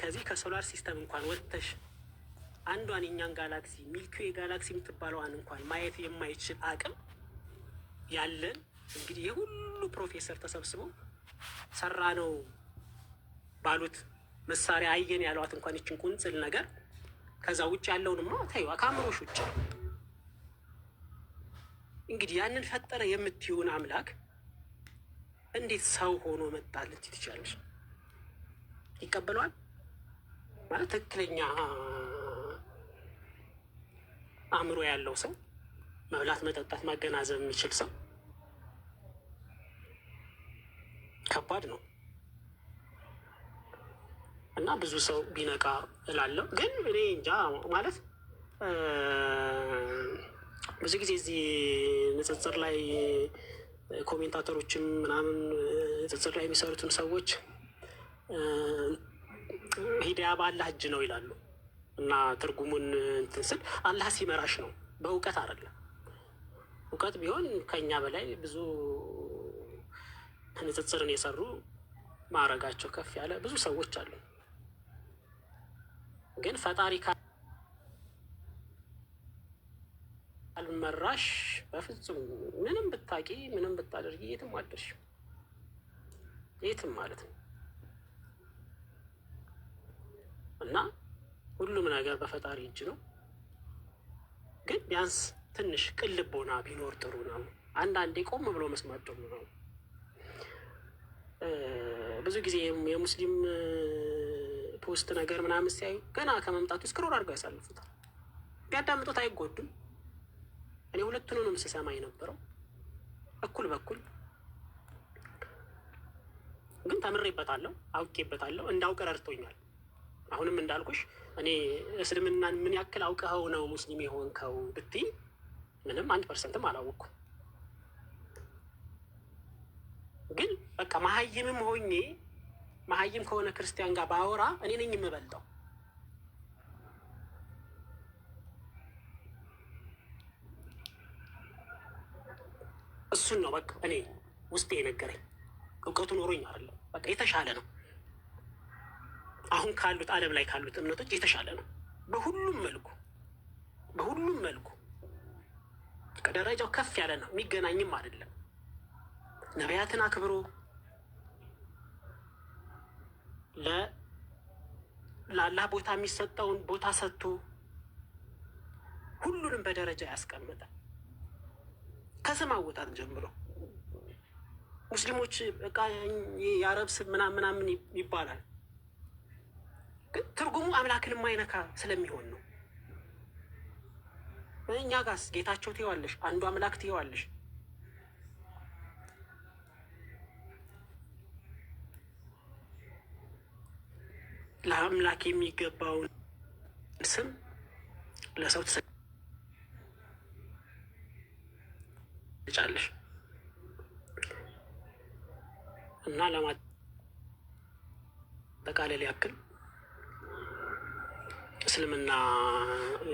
ከዚህ ከሶላር ሲስተም እንኳን ወጥተሽ አንዷን የኛን ጋላክሲ ሚልኪዌ ጋላክሲ የምትባለዋን እንኳን ማየት የማይችል አቅም ያለን እንግዲህ የሁሉ ፕሮፌሰር ተሰብስቦ ሰራ ነው ባሉት መሳሪያ አየን ያሏት እንኳን ይችን ቁንጽል ነገር ከዛ ውጭ ያለውንማ ተይዋ ከአእምሮሽ ውጭ እንግዲህ ያንን ፈጠረ የምትሆን አምላክ እንዴት ሰው ሆኖ መጣለት ትችላለች? ይቀበሏል ማለት ትክክለኛ አእምሮ ያለው ሰው መብላት፣ መጠጣት፣ ማገናዘብ የሚችል ሰው ከባድ ነው እና ብዙ ሰው ቢነቃ እላለሁ። ግን እኔ እንጃ ማለት ብዙ ጊዜ እዚህ ንጽጽር ላይ ኮሜንታተሮችም ምናምን ንጽጽር ላይ የሚሰሩትን ሰዎች ሂዳያ በአላህ እጅ ነው ይላሉ እና ትርጉሙን እንትን ስል አላህ ሲመራሽ ነው፣ በእውቀት አይደለም። እውቀት ቢሆን ከኛ በላይ ብዙ ንጽጽርን የሰሩ ማዕረጋቸው ከፍ ያለ ብዙ ሰዎች አሉ። ግን ፈጣሪ ካልመራሽ በፍጹም ምንም ብታቂ ምንም ብታደርጊ የትም አደርሽ የትም ማለት ነው። እና ሁሉም ነገር በፈጣሪ እጅ ነው። ግን ቢያንስ ትንሽ ቅልቦና ቢኖር ጥሩ ነው። አንዳንዴ ቆም ብሎ መስማት ጥሩ ነው። ብዙ ጊዜ የሙስሊም ፖስት ነገር ምናምን ሲያዩ ገና ከመምጣቱ ስክሮል አድርገው ያሳልፉታል። ቢያዳምጡት አይጎዱም። እኔ ሁለቱንም ስሰማ የነበረው እኩል በኩል ግን ተምሬበታለሁ፣ አውቄበታለሁ፣ እንዳውቅ ረድቶኛል። አሁንም እንዳልኩሽ እኔ እስልምናን ምን ያክል አውቀኸው ነው ሙስሊም የሆንከው ብትይ ምንም አንድ ፐርሰንትም አላወቅኩም። ግን በቃ መሀይምም ሆኜ መሀይም ከሆነ ክርስቲያን ጋር ባወራ እኔ ነኝ የምበልጠው። እሱን ነው በቃ እኔ ውስጤ የነገረኝ እውቀቱ ኖሮኝ አይደለም። በቃ የተሻለ ነው አሁን ካሉት ዓለም ላይ ካሉት እምነቶች የተሻለ ነው። በሁሉም መልኩ በሁሉም መልኩ ከደረጃው ከፍ ያለ ነው። የሚገናኝም አይደለም። ነቢያትን አክብሮ ለአላህ ቦታ የሚሰጠውን ቦታ ሰጥቶ ሁሉንም በደረጃ ያስቀምጣል። ከስም አወጣት ጀምሮ ሙስሊሞች በቃ የአረብ ስም ምናምን ምናምን ይባላል። ግን ትርጉሙ አምላክን ማይነካ ስለሚሆን ነው። እኛ ጋስ ጌታቸው ትየዋለሽ፣ አንዱ አምላክ ትየዋለሽ። ለአምላክ የሚገባውን ስም ለሰው ትሰጫለሽ እና ለማጠቃለል ያክል እስልምና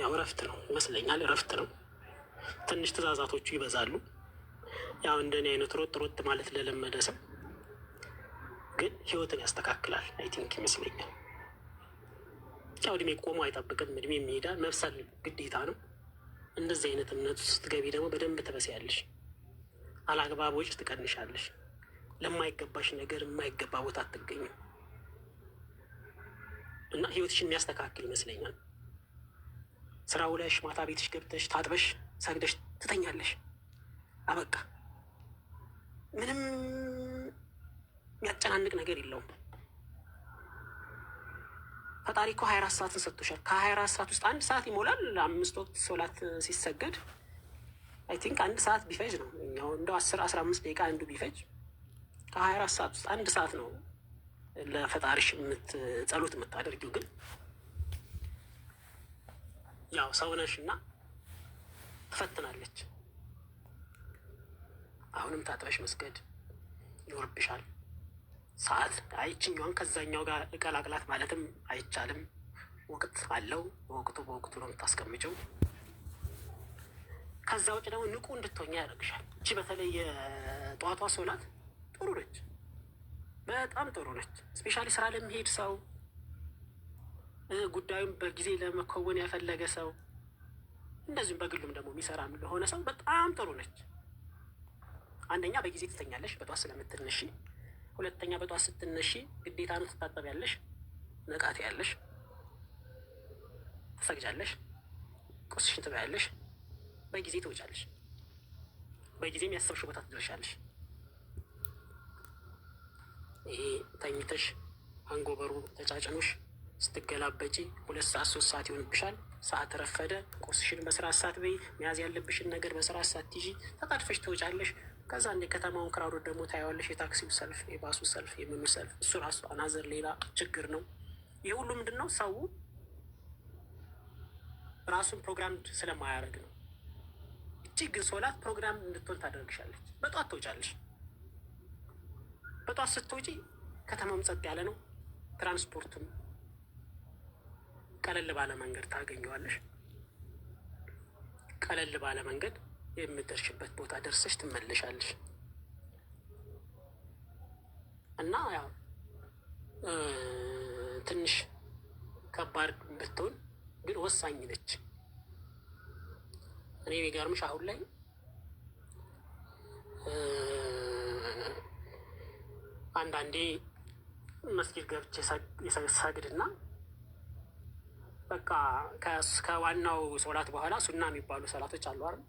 ያው እረፍት ነው ይመስለኛል፣ እረፍት ነው። ትንሽ ትእዛዛቶቹ ይበዛሉ። ያው እንደኔ አይነት ሮጥ ሮጥ ማለት ለለመደ ሰው ግን ህይወትን ያስተካክላል። አይ ቲንክ ይመስለኛል። ያው እድሜ ቆሞ አይጠብቅም፣ እድሜ የሚሄዳል። መብሰል ግዴታ ነው። እንደዚህ አይነት እምነት ውስጥ ስትገቢ ደግሞ በደንብ ትበስያለሽ፣ አላግባቦች ትቀንሻለሽ። ለማይገባሽ ነገር የማይገባ ቦታ አትገኝም። እና ህይወትሽን የሚያስተካክል ይመስለኛል። ስራ ውለሽ ማታ ቤትሽ ገብተሽ ታጥበሽ ሰግደሽ ትተኛለሽ። አበቃ። ምንም የሚያጨናንቅ ነገር የለውም። ፈጣሪ እኮ ሀያ አራት ሰዓትን ሰጥቶሻል። ከሀያ አራት ሰዓት ውስጥ አንድ ሰዓት ይሞላል። አምስት ወቅት ሶላት ሲሰገድ አይ ቲንክ አንድ ሰዓት ቢፈጅ ነው እንደው አስር አስራ አምስት ደቂቃ አንዱ ቢፈጅ ከሀያ አራት ሰዓት ውስጥ አንድ ሰዓት ነው ለፈጣሪሽ የምትጸሎት የምታደርጊው ግን ያው ሰውነሽ እና ትፈትናለች። አሁንም ታጥበሽ መስገድ ይኖርብሻል። ሰዓት አይችኛዋን ከዛኛው ጋር እቀላቅላት ማለትም አይቻልም። ወቅት አለው። በወቅቱ በወቅቱ ነው የምታስቀምጨው። ከዛ ውጭ ደግሞ ንቁ እንድትሆኛ ያደርግሻል። እቺ በተለይ የጠዋቷ ሶላት ጥሩ ነች። በጣም ጥሩ ነች። ስፔሻሊ ስራ ለሚሄድ ሰው ጉዳዩም በጊዜ ለመከወን ያፈለገ ሰው እንደዚሁም በግሉም ደግሞ የሚሰራ ለሆነ ሰው በጣም ጥሩ ነች። አንደኛ በጊዜ ትተኛለሽ በጠዋት ስለምትነሺ፣ ሁለተኛ በጠዋት ስትነሺ ግዴታ ነው ትታጠቢያለሽ፣ ነቃት ያለሽ ትሰግጃለሽ፣ ቁስሽን ትበያለሽ፣ በጊዜ ትወጫለሽ፣ በጊዜም ያሰብሽ ቦታ ትደርሻለሽ። ይሄ ተኝተሽ አንጎበሩ ተጫጭኖሽ ስትገላበጪ ሁለት ሰዓት ሶስት ሰዓት ይሆንብሻል። ሰዓት ረፈደ። ቁርስሽን በስራት ሰዓት በይ። መያዝ ያለብሽን ነገር በስራት ሰዓት ይዤ ተጣድፈሽ ትወጫለሽ። ከዛ እንደ ከተማውን ክራውዶ ደግሞ ታየዋለሽ። የታክሲው ሰልፍ፣ የባሱ ሰልፍ፣ የምኑ ሰልፍ እሱ ራሱ አናዘር ሌላ ችግር ነው። ይህ ሁሉ ምንድን ነው? ሰው ራሱን ፕሮግራም ስለማያደርግ ነው። እጅግ ግን ሶላት ፕሮግራም እንድትሆን ታደርግሻለች። በጧት ትወጫለሽ። በጧት ስትወጪ ከተማም ጸጥ ያለ ነው። ትራንስፖርቱም ቀለል ባለ መንገድ ታገኘዋለሽ። ቀለል ባለ መንገድ የምደርሽበት ቦታ ደርሰሽ ትመለሻለሽ እና ያው ትንሽ ከባድ ብትሆን ግን ወሳኝ ነች። እኔ የሚገርምሽ አሁን ላይ አንዳንዴ መስጊድ ገብቼ ሰግድና በቃ ከዋናው ሶላት በኋላ ሱና የሚባሉ ሰላቶች አሉ አይደል?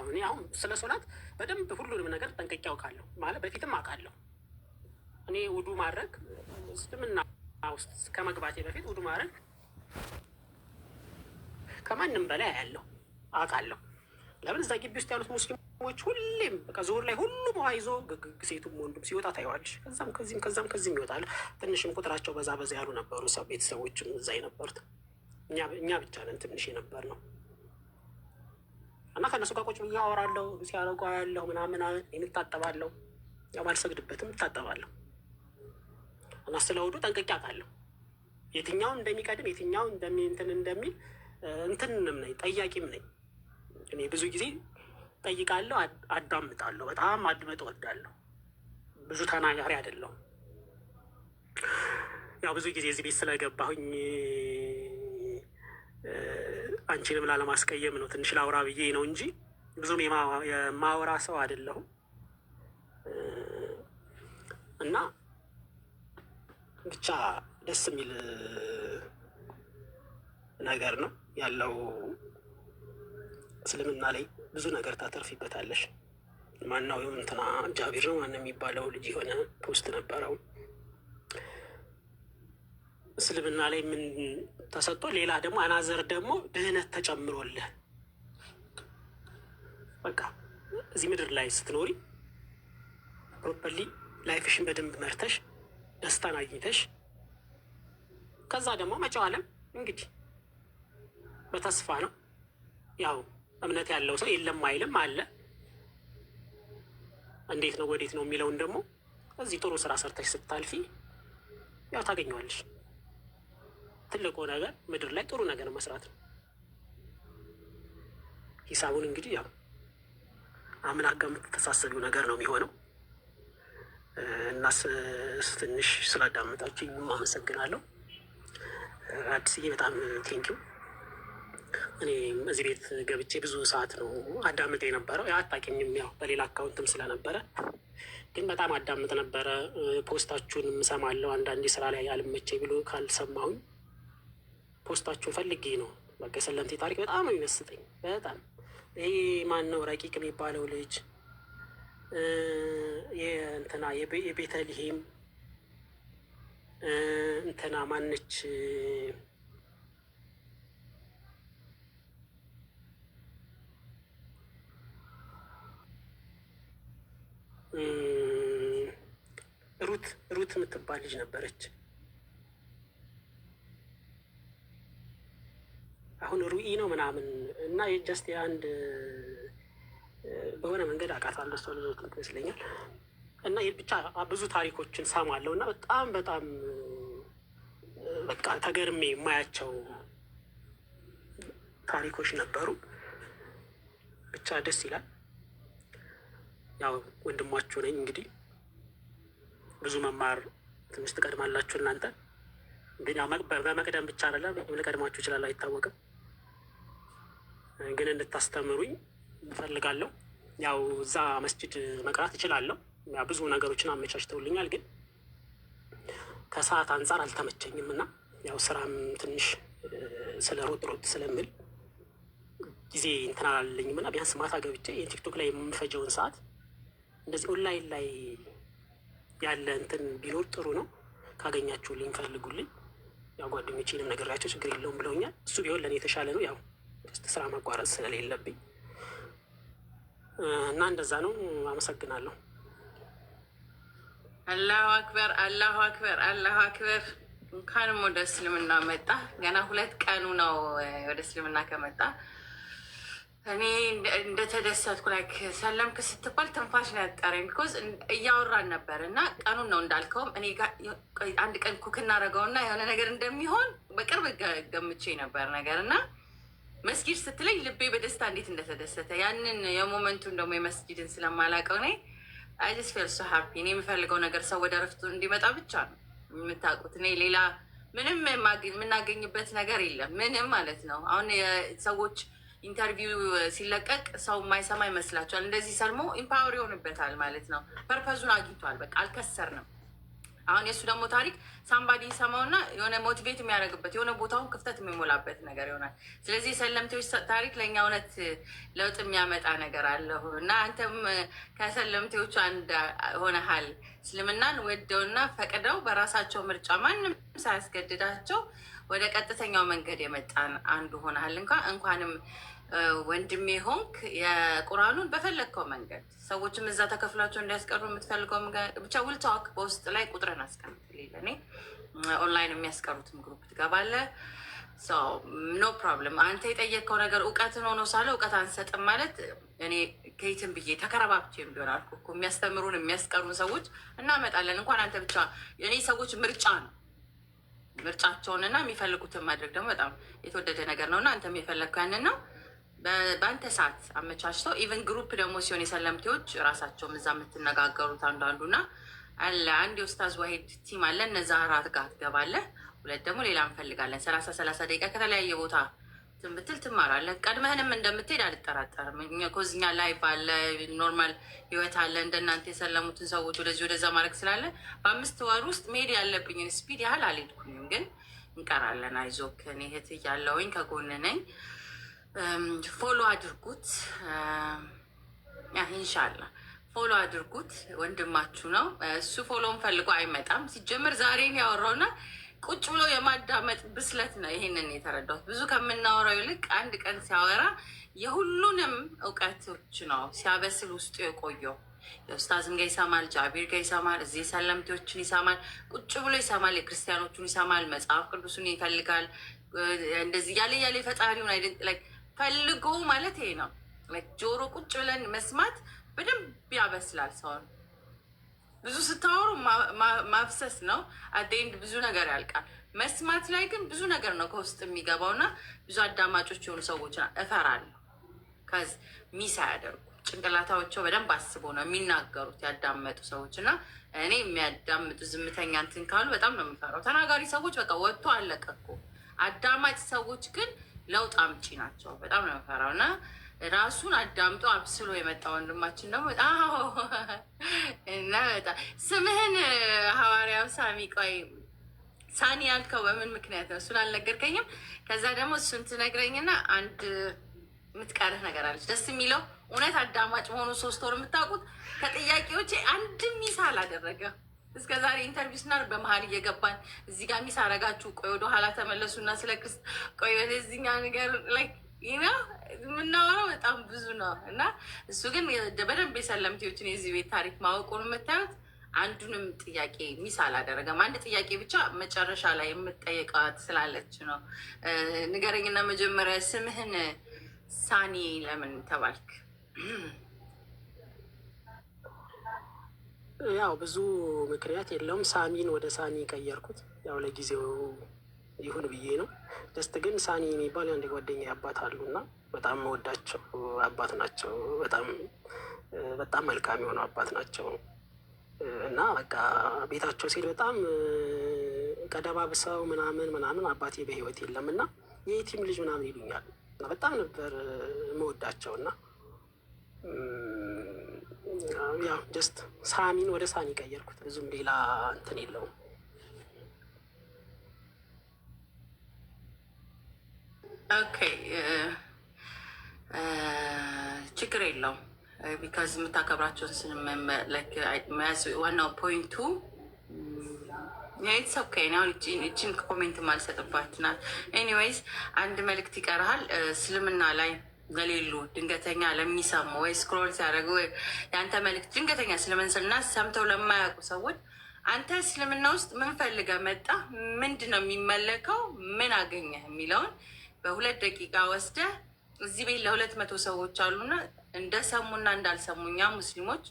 አሁን አሁን ስለ ሶላት በደንብ ሁሉንም ነገር ጠንቅቄ አውቃለሁ ማለት በፊትም አውቃለሁ። እኔ ውዱ ማድረግ እስልምና ውስጥ ከመግባቴ በፊት ውዱ ማድረግ ከማንም በላይ አያለሁ አውቃለሁ። ለምን እዛ ግቢ ውስጥ ያሉት ሙስሊም ሰዎች ሁሌም በቃ ዞር ላይ ሁሉም ውሃ ይዞ ሴቱም ወንዱም ሲወጣ ታየዋለሽ። ከዛም ከዚህም ከዛም ከዚህም ይወጣል። ትንሽም ቁጥራቸው በዛ በዛ ያሉ ነበሩ ቤተሰቦችም እዛ የነበሩት እኛ ብቻ ነን ትንሽ የነበር ነው እና ከእነሱ ጋር ቁጭ ብዬ አወራለሁ። ሲያረጓ ያለሁ ምናምን የምታጠባለሁ ያው ባልሰግድበትም እታጠባለሁ እና ስለ ውዱ ጠንቅቄ አውቃለሁ። የትኛውን እንደሚቀድም እንደሚ እንትን እንደሚል እንትንንም ነኝ ጠያቂም ነኝ እኔ ብዙ ጊዜ ጠይቃለሁ፣ አዳምጣለሁ። በጣም አድመጥ ወዳለሁ። ብዙ ተናጋሪ አይደለሁም። ያው ብዙ ጊዜ እዚህ ቤት ስለገባሁኝ አንቺንም ላለማስቀየም ነው ትንሽ ላውራ ብዬ ነው እንጂ ብዙም የማወራ ሰው አይደለሁም እና ብቻ ደስ የሚል ነገር ነው ያለው እስልምና ላይ ብዙ ነገር ታተርፊበታለሽ። ማናው እንትና ጃቢር ነው ማን የሚባለው ልጅ የሆነ ፖስት ነበረው እስልምና ላይ ምን ተሰጥቶ ሌላ ደግሞ አናዘር ደግሞ ድህነት ተጨምሮልህ በቃ እዚህ ምድር ላይ ስትኖሪ ፕሮፐርሊ ላይፍሽን በደንብ መርተሽ ደስታን አግኝተሽ ከዛ ደግሞ መጪው ዓለም እንግዲህ በተስፋ ነው ያው እምነት ያለው ሰው የለም አይልም፣ አለ። እንዴት ነው ወዴት ነው የሚለውን ደግሞ እዚህ ጥሩ ስራ ሰርተሽ ስታልፊ ያው ታገኘዋለሽ። ትልቁ ነገር ምድር ላይ ጥሩ ነገር መስራት ነው። ሂሳቡን እንግዲህ ያው አምና ጋር የምትተሳሰቢው ነገር ነው የሚሆነው። እና ትንሽ ስላዳመጣችኝ አመሰግናለሁ። አዲስዬ በጣም ቴንኪው። እኔ እዚህ ቤት ገብቼ ብዙ ሰዓት ነው አዳምጥ የነበረው። አታውቂኝም፣ ያው በሌላ አካውንትም ስለነበረ ግን በጣም አዳምጥ ነበረ። ፖስታችሁን እሰማለሁ። አንዳንዴ ስራ ላይ አልመቼ ብሎ ካልሰማሁኝ ፖስታችሁን ፈልጌ ነው። በቃ የሰለምቴ ታሪክ በጣም ነው የሚመስጠኝ። በጣም ይህ ማን ነው ረቂቅ የሚባለው ልጅ እንትና የቤተልሔም እንትና ማነች ሩት ሩት የምትባል ልጅ ነበረች። አሁን ሩኢ ነው ምናምን እና ጀስት የአንድ በሆነ መንገድ አውቃታለሁ ሰው ልጆት ይመስለኛል። እና ብቻ ብዙ ታሪኮችን ሰማለሁ እና በጣም በጣም በቃ ተገርሜ የማያቸው ታሪኮች ነበሩ። ብቻ ደስ ይላል። ያው ወንድማችሁ ነኝ እንግዲህ ብዙ መማር ትንሽ ትቀድማላችሁ እናንተ ግን ያው በመቅደም ብቻ አይደለም ልቀድማችሁ ይችላል አይታወቅም። ግን እንድታስተምሩኝ እፈልጋለሁ። ያው እዛ መስጅድ መቅራት እችላለሁ። ብዙ ነገሮችን አመቻችተውልኛል፣ ግን ከሰዓት አንጻር አልተመቸኝም እና ያው ስራም ትንሽ ስለ ሮጥ ሮጥ ስለምል ጊዜ እንትን አላለኝም እና ቢያንስ ማታ ገብቼ የቲክቶክ ላይ የምፈጀውን ሰዓት እንደዚህ ኦንላይን ላይ ያለ እንትን ቢኖር ጥሩ ነው። ካገኛችሁልኝ ፈልጉልኝ። ያው ጓደኞቼንም ነግሬያቸው ችግር የለውም ብለውኛል። እሱ ቢሆን ለእኔ የተሻለ ነው። ያው ስራ ማቋረጥ ስለሌለብኝ እና እንደዛ ነው። አመሰግናለሁ። አላሁ አክበር፣ አላሁ አክበር፣ አላሁ አክበር። እንኳንም ወደ እስልምና መጣ። ገና ሁለት ቀኑ ነው ወደ እስልምና ከመጣ እኔ እንደተደሰትኩ ላይክ ሰለምክ ስትባል ትንፋሽ ነው ያጠረኝ። ቢኮዝ እያወራን ነበር እና ቀኑን ነው እንዳልከውም እኔ አንድ ቀን ኩክ እናደርገውና የሆነ ነገር እንደሚሆን በቅርብ ገምቼ ነበር ነገር እና መስጊድ ስትለኝ ልቤ በደስታ እንዴት እንደተደሰተ ያንን የሞመንቱን ደግሞ የመስጊድን ስለማላውቀው እኔ አይ ፌል ሶ ሃፒ። እኔ የምፈልገው ነገር ሰው ወደ ረፍቱ እንዲመጣ ብቻ ነው የምታውቁት። እኔ ሌላ ምንም የምናገኝበት ነገር የለም ምንም ማለት ነው አሁን ሰዎች ኢንተርቪው ሲለቀቅ ሰው የማይሰማ ይመስላቸዋል። እንደዚህ ሰልሞ ኢምፓወር ይሆንበታል ማለት ነው። ፐርፐዙን አግኝቷል። በቃ አልከሰርንም። አሁን የእሱ ደግሞ ታሪክ ሳምባዲ ሰማውና የሆነ ሞቲቬት የሚያደርግበት የሆነ ቦታውን ክፍተት የሚሞላበት ነገር ይሆናል። ስለዚህ የሰለምቴዎች ታሪክ ለእኛ እውነት ለውጥ የሚያመጣ ነገር አለሁ እና አንተም ከሰለምቴዎቹ አንድ ሆነሃል። እስልምናን ወደውና ፈቅደው በራሳቸው ምርጫ ማንም ሳያስገድዳቸው ወደ ቀጥተኛው መንገድ የመጣን አንዱ ሆናል። እንኳ እንኳንም ወንድሜ ሆንክ። የቁርአኑን በፈለግከው መንገድ ሰዎችም እዛ ተከፍላቸው እንዲያስቀሩ የምትፈልገው ብቻ ውልታዋክ በውስጥ ላይ ቁጥርን አስቀምጥልኝ። እኔ ኦንላይን የሚያስቀሩትም ግሩፕ ትገባለህ። ኖ ፕሮብለም። አንተ የጠየቅከው ነገር እውቀትን ሆኖ ሳለ እውቀት አንሰጥም ማለት እኔ ከየትም ብዬ ተከረባብቼ ቢሆን አልኩ እኮ የሚያስተምሩን የሚያስቀሩን ሰዎች እናመጣለን። እንኳን አንተ ብቻ እኔ ሰዎች ምርጫ ነው ምርጫቸውንና የሚፈልጉትን ማድረግ ደግሞ በጣም የተወደደ ነገር ነው እና አንተ የፈለግከው ያንን ነው። በአንተ ሰዓት አመቻችተው ኢቨን ግሩፕ ደግሞ ሲሆን የሰለምቴዎች ራሳቸውም እዛ የምትነጋገሩት አንዱ ና አለ አንድ የኡስታዝ ዋሂድ ቲም አለ። እነዛ አራት ጋር ትገባለህ። ሁለት ደግሞ ሌላ እንፈልጋለን። ሰላሳ ሰላሳ ደቂቃ ከተለያየ ቦታ ትምብትል ትማራለህ። ቀድመህንም እንደምትሄድ አልጠራጠርም። ኮዝኛ ላይ ባለ ኖርማል ህይወት አለ እንደናንተ የሰለሙትን ሰዎች ወደዚህ ወደዛ ማድረግ ስላለ በአምስት ወር ውስጥ መሄድ ያለብኝን ስፒድ ያህል አልሄድኩኝም፣ ግን እንቀራለን። አይዞክ እኔ እህት ያለውኝ ከጎን ነኝ። ፎሎ አድርጉት፣ ኢንሻላ ፎሎ አድርጉት። ወንድማችሁ ነው እሱ። ፎሎውን ፈልጎ አይመጣም ሲጀምር ዛሬን ያወራውና ቁጭ ብሎ የማዳመጥ ብስለት ነው። ይሄንን የተረዳሁት ብዙ ከምናወራው ይልቅ አንድ ቀን ሲያወራ የሁሉንም እውቀቶች ነው ሲያበስል ውስጡ የቆየው። የኡስታዝም ጋ ይሰማል፣ ጃቢር ጋ ይሰማል፣ እዚህ ሰለምቴዎችን ይሰማል፣ ቁጭ ብሎ ይሰማል፣ የክርስቲያኖቹን ይሰማል፣ መጽሐፍ ቅዱሱን ይፈልጋል። እንደዚህ ያለ ያለ የፈጣሪውን አይደንት ላይ ፈልጎ ማለት ይሄ ነው። ጆሮ ቁጭ ብለን መስማት በደንብ ያበስላል ሰውን። ብዙ ስታወሩ ማፍሰስ ነው። አንድ ብዙ ነገር ያልቃል። መስማት ላይ ግን ብዙ ነገር ነው ከውስጥ የሚገባው እና ብዙ አዳማጮች የሆኑ ሰዎች እፈራለሁ። ከዚ ሚስ አያደርጉ ጭንቅላታቸው በደንብ አስቦ ነው የሚናገሩት ያዳመጡ ሰዎች እና እኔ የሚያዳምጡ ዝምተኛ እንትን ካሉ በጣም ነው የሚፈራው። ተናጋሪ ሰዎች በቃ ወጥቶ አለቀ አዳማጭ ሰዎች ግን ለውጥ አምጪ ናቸው። በጣም ነው የሚፈራው እና ራሱን አዳምጦ አብስሎ የመጣ ወንድማችን ደግሞ እና ስምህን ሐዋርያው ሳሚ ቆይ ሳኒ ያልከው በምን ምክንያት ነው? እሱን አልነገርከኝም። ከዛ ደግሞ እሱን ትነግረኝና አንድ የምትቀርህ ነገር አለች። ደስ የሚለው እውነት አዳማጭ መሆኑ ሶስት ወር የምታውቁት ከጥያቄዎች አንድ ሚስ አላደረገ እስከ ዛሬ ኢንተርቪው ስናር በመሀል እየገባን እዚህ ጋር ሚስ አረጋችሁ። ቆይ ወደ ኋላ ተመለሱና ስለ ክርስት ቆይ ወደዚህኛ ነገር ላይ ይና የምናወራው በጣም ብዙ ነው እና እሱ ግን በደንብ የሰለምቴዎችን የዚህ ቤት ታሪክ ማወቁን የምታዩት አንዱንም ጥያቄ ሚስ አላደረገም። አንድ ጥያቄ ብቻ መጨረሻ ላይ የምጠየቀዋ ስላለች ነው። ንገረኝና መጀመሪያ ስምህን ሳኒ ለምን ተባልክ? ያው ብዙ ምክንያት የለውም። ሳሚን ወደ ሳኒ ቀየርኩት ያው ለጊዜው ይሁን ብዬ ነው። ጀስት ግን ሳኒ የሚባል አንድ ጓደኛ አባት አሉና በጣም መወዳቸው አባት ናቸው። በጣም በጣም መልካም የሆኑ አባት ናቸው እና በቃ ቤታቸው ሲሄድ በጣም ቀደባብሰው ምናምን ምናምን አባቴ በህይወት የለም እና የቲም ልጅ ምናምን ይሉኛል በጣም ነበር መወዳቸው እና ያው ጀስት ሳሚን ወደ ሳኒ ቀየርኩት። ብዙም ሌላ እንትን የለውም። ኦኬ ችግር የለውም። ቢካዝ የምታከብራቸውን መያዝ ዋናው ፖይንቱ ይሄ ሰው እችን ኮሜንት ማልሰጥባት ናት። ኤኒዌይስ አንድ መልእክት ይቀርሃል እስልምና ላይ ለሌሉ ድንገተኛ ለሚሰሙ ወይ ስክሮል ሲያደርጉ የአንተ መልእክት ድንገተኛ እስልምና ሰምተው ለማያውቁ ሰዎች አንተ እስልምና ውስጥ ምን መጣ፣ ምንድን ነው የሚመለከው፣ ምን አገኘህ የሚለውን በሁለት ደቂቃ ወስደ እዚህ ቤት ለሁለት መቶ ሰዎች አሉና እንደሰሙና እንዳልሰሙኛ ሙስሊሞች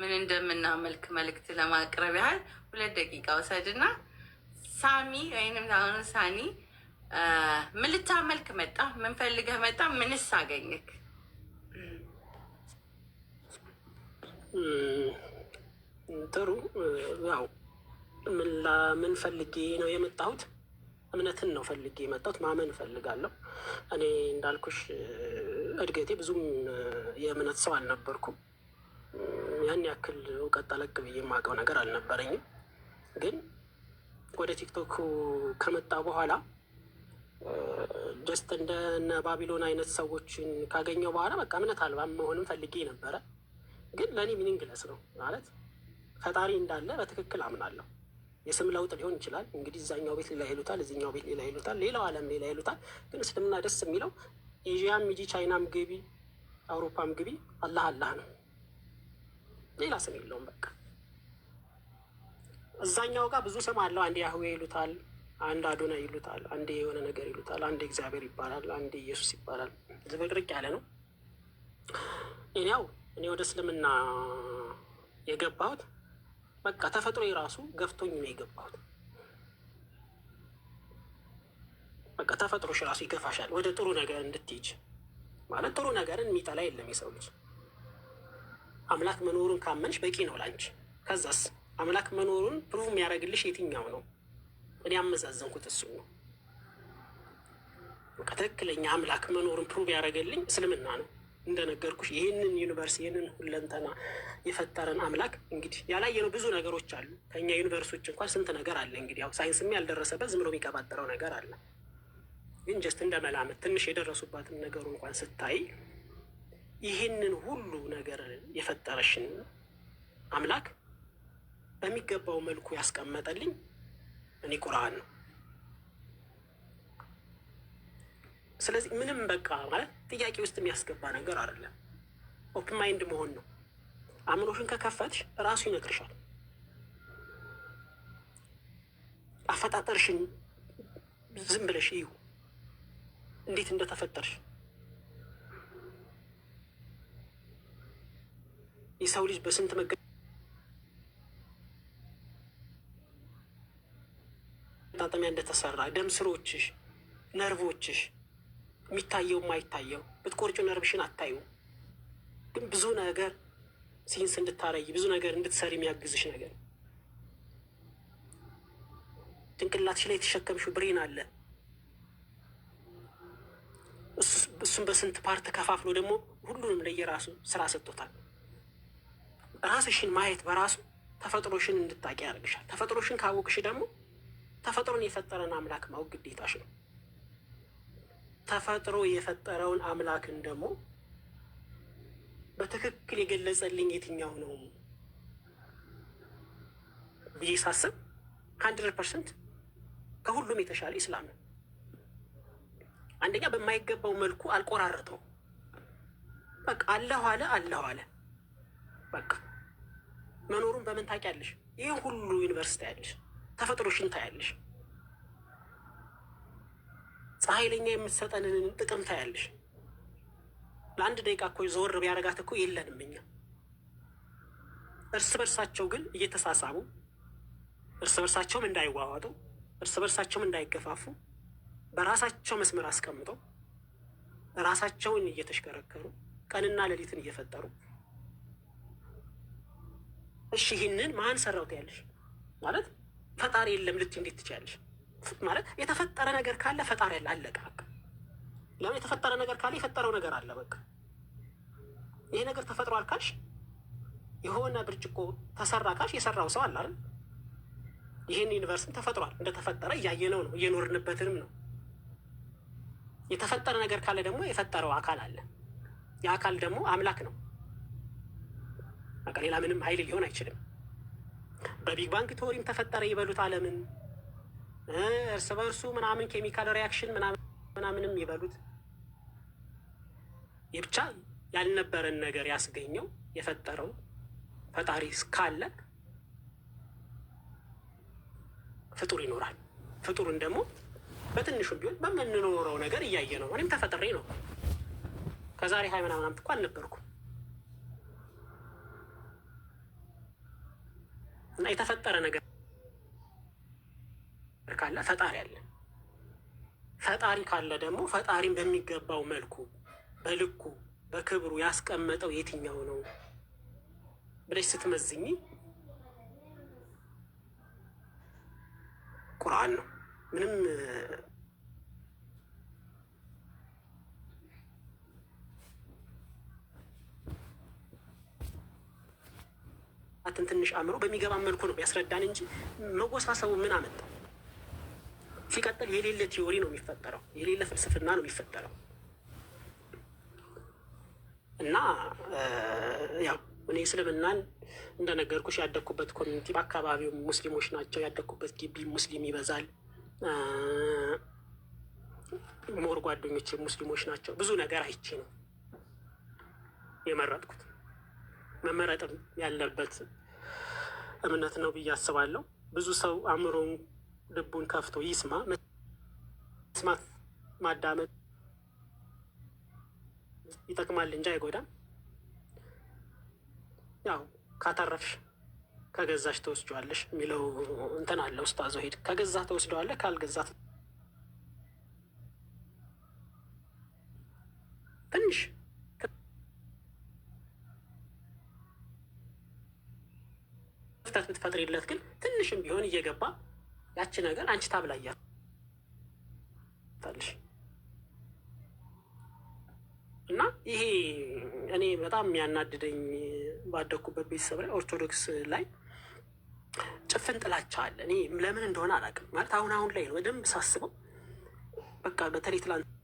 ምን እንደምናመልክ መልእክት ለማቅረብ ያህል ሁለት ደቂቃ ውሰድና ሳሚ ወይንም አሁን ሳኒ ምን ልታመልክ መጣ? ምን ፈልገህ መጣ? ምንስ አገኘክ? ጥሩ ያው ምን ፈልጌ ነው የመጣሁት እምነትን ነው ፈልጌ የመጣሁት። ማመን እፈልጋለሁ። እኔ እንዳልኩሽ እድገቴ ብዙም የእምነት ሰው አልነበርኩም። ያን ያክል እውቀት ጠለቅ ብዬ የማውቀው ነገር አልነበረኝም። ግን ወደ ቲክቶክ ከመጣ በኋላ ጀስት እንደነ ባቢሎን አይነት ሰዎችን ካገኘው በኋላ በቃ እምነት አልባ መሆንም ፈልጌ ነበረ። ግን ለእኔ ሚኒንግለስ ነው ማለት ፈጣሪ እንዳለ በትክክል አምናለሁ። የስም ለውጥ ሊሆን ይችላል። እንግዲህ እዛኛው ቤት ሌላ ይሉታል፣ እዚኛው ቤት ሌላ ይሉታል፣ ሌላው ዓለም ሌላ ይሉታል። ግን እስልምና ደስ የሚለው ኤዥያም ሂጂ፣ ቻይናም ግቢ፣ አውሮፓም ግቢ፣ አላህ አላህ ነው። ሌላ ስም የለውም። በቃ እዛኛው ጋር ብዙ ስም አለው። አንድ ያህዌ ይሉታል፣ አንድ አዶና ይሉታል፣ አንድ የሆነ ነገር ይሉታል፣ አንድ እግዚአብሔር ይባላል፣ አንድ ኢየሱስ ይባላል። ዝብርቅርቅ ያለ ነው። እኔ ያው እኔ ወደ እስልምና የገባሁት በቃ ተፈጥሮ የራሱ ገፍቶኝ ነው የገባሁት። በቃ ተፈጥሮሽ ራሱ ይገፋሻል ወደ ጥሩ ነገር እንድትሄጅ። ማለት ጥሩ ነገርን የሚጠላ የለም የሰው ልጅ። አምላክ መኖሩን ካመንሽ በቂ ነው ላንቺ። ከዛስ አምላክ መኖሩን ፕሩቭ የሚያደርግልሽ የትኛው ነው? እኔ አመዛዘንኩት እሱ ነው። በቃ ትክክለኛ አምላክ መኖሩን ፕሩቭ ያደረገልኝ እስልምና ነው። እንደነገርኩሽ ይህንን ዩኒቨርስ ይህንን ሁለንተና የፈጠረን አምላክ እንግዲህ ያላየነው ብዙ ነገሮች አሉ። ከኛ ዩኒቨርሶች እንኳን ስንት ነገር አለ። እንግዲህ ያው ሳይንስም ያልደረሰበት ዝም ብሎ የሚቀባጠረው ነገር አለ። ግን ጀስት እንደ መላምት ትንሽ የደረሱባትን ነገሩ እንኳን ስታይ ይህንን ሁሉ ነገር የፈጠረሽን አምላክ በሚገባው መልኩ ያስቀመጠልኝ እኔ ቁርአን ነው። ስለዚህ ምንም በቃ ማለት ጥያቄ ውስጥ የሚያስገባ ነገር አይደለም። ኦፕን ማይንድ መሆን ነው። አእምሮሽን ከከፈትሽ ራሱ ይነግርሻል። አፈጣጠርሽን ዝም ብለሽ እዩ፣ እንዴት እንደተፈጠርሽ። የሰው ልጅ በስንት መገጣጠሚያ እንደተሰራ ደም ስሮችሽ፣ ነርቮችሽ የሚታየው አይታየው ብትቆርጩ ነርብሽን አታዩ፣ ግን ብዙ ነገር ሲንስ እንድታረይ ብዙ ነገር እንድትሰሪ የሚያግዝሽ ነገር ጭንቅላትሽ ላይ የተሸከምሽው ብሬን አለ። እሱም በስንት ፓርት ከፋፍሎ ደግሞ ሁሉንም ለየራሱ ስራ ሰጥቶታል። ራስሽን ማየት በራሱ ተፈጥሮሽን እንድታቂ ያደርግሻል። ተፈጥሮሽን ካወቅሽ ደግሞ ተፈጥሮን የፈጠረን አምላክ ማወቅ ግዴታሽ ነው። ተፈጥሮ የፈጠረውን አምላክን ደግሞ በትክክል የገለጸልኝ የትኛው ነው ብዬ ሳስብ ከሀንድረድ ፐርሰንት ከሁሉም የተሻለ ኢስላም ነው። አንደኛ በማይገባው መልኩ አልቆራረጠው። በቃ አለሁ አለ አለሁ አለ። በቃ መኖሩን በምን ታውቂያለሽ? ይህ ሁሉ ዩኒቨርስቲ ያለሽ ተፈጥሮሽን ታያለሽ። ፀሐይ የምትሰጠንን ጥቅም ታያለሽ። ለአንድ ደቂቃ እኮ ዘወር ቢያደርጋት እኮ የለንም እኛ። እርስ በርሳቸው ግን እየተሳሳቡ እርስ በርሳቸውም እንዳይዋዋጡ እርስ በርሳቸውም እንዳይገፋፉ በራሳቸው መስመር አስቀምጠው ራሳቸውን እየተሽከረከሩ ቀንና ሌሊትን እየፈጠሩ እሺ፣ ይህንን ማን ሰራው ትያለሽ ማለት ፈጣሪ የለም ልትይ እንዴት ትችያለሽ? ማለት የተፈጠረ ነገር ካለ ፈጣሪ ያለ አለቀ። ለምን የተፈጠረ ነገር ካለ የፈጠረው ነገር አለ። በቃ ይሄ ነገር ተፈጥሯል ካልሽ የሆነ ብርጭቆ ተሰራ ካልሽ የሰራው ሰው አለ አይደል? ይህን ዩኒቨርስም ተፈጥሯል። እንደተፈጠረ እያየነው ነው፣ እየኖርንበትንም ነው። የተፈጠረ ነገር ካለ ደግሞ የፈጠረው አካል አለ። የአካል አካል ደግሞ አምላክ ነው። በቃ ሌላ ምንም ኃይል ሊሆን አይችልም። በቢግ ባንክ ቴዎሪም ተፈጠረ ይበሉት አለምን እርስ በእርሱ ምናምን ኬሚካል ሪያክሽን ምናምንም ይበሉት የብቻ ያልነበረን ነገር ያስገኘው የፈጠረው ፈጣሪ እስካለ ፍጡር ይኖራል። ፍጡርን ደግሞ በትንሹ ቢሆን በምንኖረው ነገር እያየ ነው። እኔም ተፈጥሬ ነው። ከዛሬ ሀይ ምናምን ዓመት እኮ አልነበርኩም። እና የተፈጠረ ነገር ካለ ፈጣሪ አለ። ፈጣሪ ካለ ደግሞ ፈጣሪን በሚገባው መልኩ በልኩ በክብሩ ያስቀመጠው የትኛው ነው ብለሽ ስትመዝኝ ቁርአን ነው። ምንም አትን ትንሽ አእምሮ በሚገባ መልኩ ነው ያስረዳን እንጂ መወሳሰቡ ምን አመጣ? ሲቀጥል የሌለ ቲዮሪ ነው የሚፈጠረው፣ የሌለ ፍልስፍና ነው የሚፈጠረው እና ያው እኔ እስልምናን እንደነገርኩሽ ያደግኩበት ኮሚኒቲ በአካባቢው ሙስሊሞች ናቸው። ያደግኩበት ግቢ ሙስሊም ይበዛል። ሞር ጓደኞች ሙስሊሞች ናቸው። ብዙ ነገር አይቼ ነው የመረጥኩት። መመረጥም ያለበት እምነት ነው ብዬ አስባለሁ። ብዙ ሰው አእምሮን ልቡን ከፍቶ ይስማ። መስማት ማዳመጥ ይጠቅማል እንጂ አይጎዳም። ያው ካተረፍሽ ከገዛሽ ተወስደዋለሽ የሚለው እንትን አለ። ውስጣዞ ሄድ ከገዛ ተወስደዋለህ፣ ካልገዛ ትንሽ ክፍተት ብትፈጥሪለት ግን ትንሽም ቢሆን እየገባ ያቺ ነገር አንቺ ታብላያታለሽ። እና ይሄ እኔ በጣም የሚያናድደኝ ባደግኩበት ቤተሰብ ላይ ኦርቶዶክስ ላይ ጭፍን ጥላቻ አለ። እኔ ለምን እንደሆነ አላውቅም። ማለት አሁን አሁን ላይ ነው በደንብ ሳስበው በቃ በተለይ ትላንት